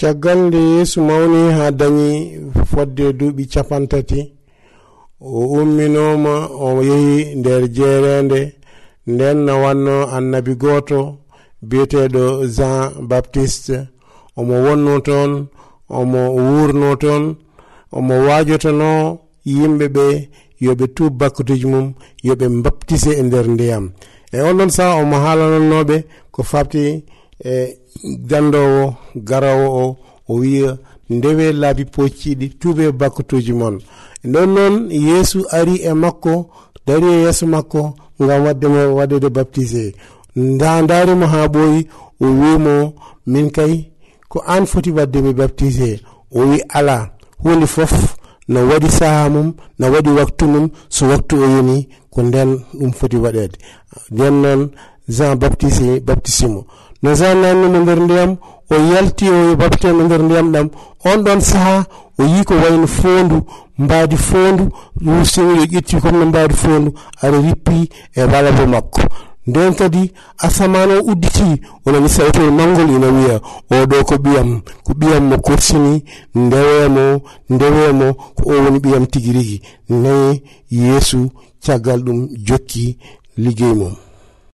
caggal nde yeesu mawni haa dañi fodde duuɓi capantati o umminoma o yehi nder jeerende nden no wanno annabi gooto biyeteeɗo jean baptiste omo wonno toon omo wuurno toon omo waajotono yimɓe ɓe yo ɓe tuub bakkutiji mum yo ɓe mbaptise e nder ndiyam e onɗon saha omo haalananoɓe ko fabti e dandowo garawo o o wiya ndewe laabi poccidi tuube bakkatuji mon non noon yeesu ari e makko dari e yeeso makko ngam wadde mo waɗede baptisé nda darimo ha ɓooyi o wimo min kay ko an foti wadde mi baptisé o wi ala huunde fof no waɗi saaha mum no waɗi waktu mum so waktu o yini ko nden ɗum foti waɗede nden noon jean baptisé baptisimo nasa mo nder ndiyam o yalti o babte mo nder ndiyam ɗam on ɗon saha o yi ko wayno fondu mbaadi fondu rusin yo ƴetti comme no mbaadi fondu aɗa rippi e walabo makko nden kadi asaman o udditi onani sawtol e mangol ina wiya oɗo ko ɓiyam ko ɓiyam mo korsini ndewemo ndewemo ko o woni ɓiyam tigi rigui nayi yeesu caggal ɗum jokki liggey mum